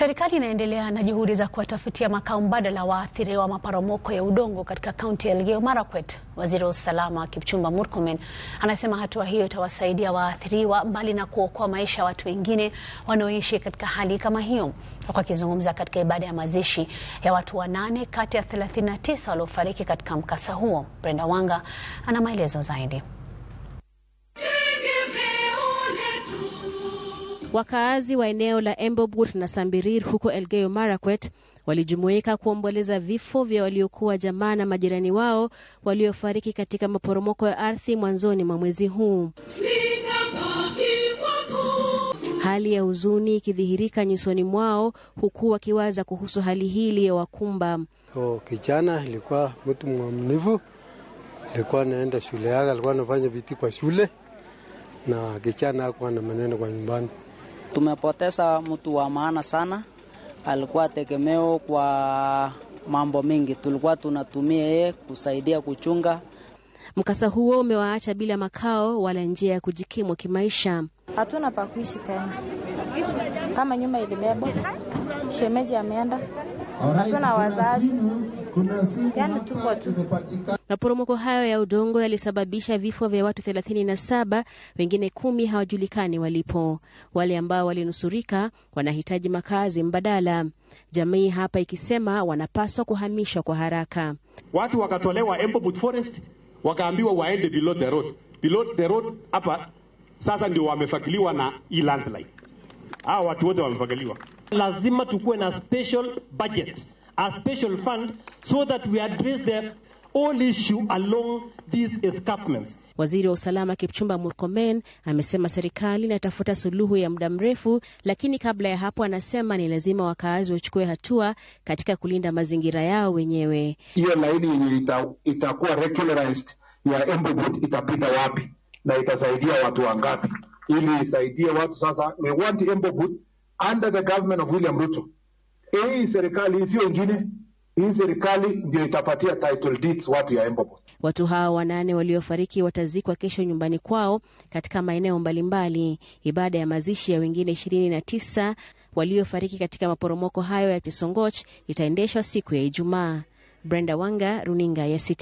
Serikali inaendelea na juhudi za kuwatafutia makao mbadala waathiriwa maporomoko ya udongo katika kaunti ya Elgeyo Marakwet. Waziri wa usalama Kipchumba Murkomen anasema hatua hiyo itawasaidia waathiriwa mbali na kuokoa maisha ya watu wengine wanaoishi katika hali kama hiyo. Alikuwa akizungumza katika ibada ya mazishi ya watu wanane kati ya 39 waliofariki katika mkasa huo. Brenda Wanga ana maelezo zaidi. Wakaazi wa eneo la Embobut na Sambirir huko Elgeyo Marakwet walijumuika kuomboleza vifo vya waliokuwa jamaa na majirani wao waliofariki katika maporomoko ya ardhi mwanzoni mwa mwezi huu, hali ya huzuni ikidhihirika nyusoni mwao, huku wakiwaza kuhusu hali hii iliyowakumba. So, kijana ilikuwa mtu mwaminifu, alikuwa anaenda shule yake, alikuwa anafanya viti kwa shule, na kijana hakuwa na maneno kwa nyumbani. Tumepoteza mtu wa maana sana, alikuwa tegemeo kwa mambo mengi, tulikuwa tunatumia yeye kusaidia kuchunga. Mkasa huo umewaacha bila makao wala njia ya kujikimu kimaisha. Hatuna pa kuishi tena, kama nyumba ilibebwa, shemeji ameenda, hatuna wazazi yani tuko tu. Maporomoko hayo ya udongo yalisababisha vifo vya watu 37, wengine kumi hawajulikani walipo. Wale ambao walinusurika wanahitaji makazi mbadala, jamii hapa ikisema wanapaswa kuhamishwa kwa haraka. Watu wakatolewa Embobut Forest, wakaambiwa waende below the road. Below the road hapa sasa ndio wamefagiliwa na hii e landslide. Hawa watu wote wamefagiliwa. Lazima tukuwe na special budget a special fund so that we address the all issue along these escarpments. Waziri wa usalama Kipchumba Murkomen amesema serikali inatafuta suluhu ya muda mrefu, lakini kabla ya hapo, anasema ni lazima wakaazi wachukue hatua katika kulinda mazingira yao wenyewe. Hiyo laini yenye ita, itakuwa regularized ya Embu itapita wapi na itasaidia watu wangapi, ili isaidie watu sasa. We want Embu under the government of William Ruto Eh, hii serikali isiyo ingine. Hii serikali ndio itapatia title deeds watu ya Embobot. Watu hao wanane waliofariki watazikwa kesho nyumbani kwao katika maeneo mbalimbali, ibada ya mazishi ya wengine ishirini na tisa waliofariki katika maporomoko hayo ya Chesongoch itaendeshwa siku ya Ijumaa. Brenda Wanga, runinga ya Citizen.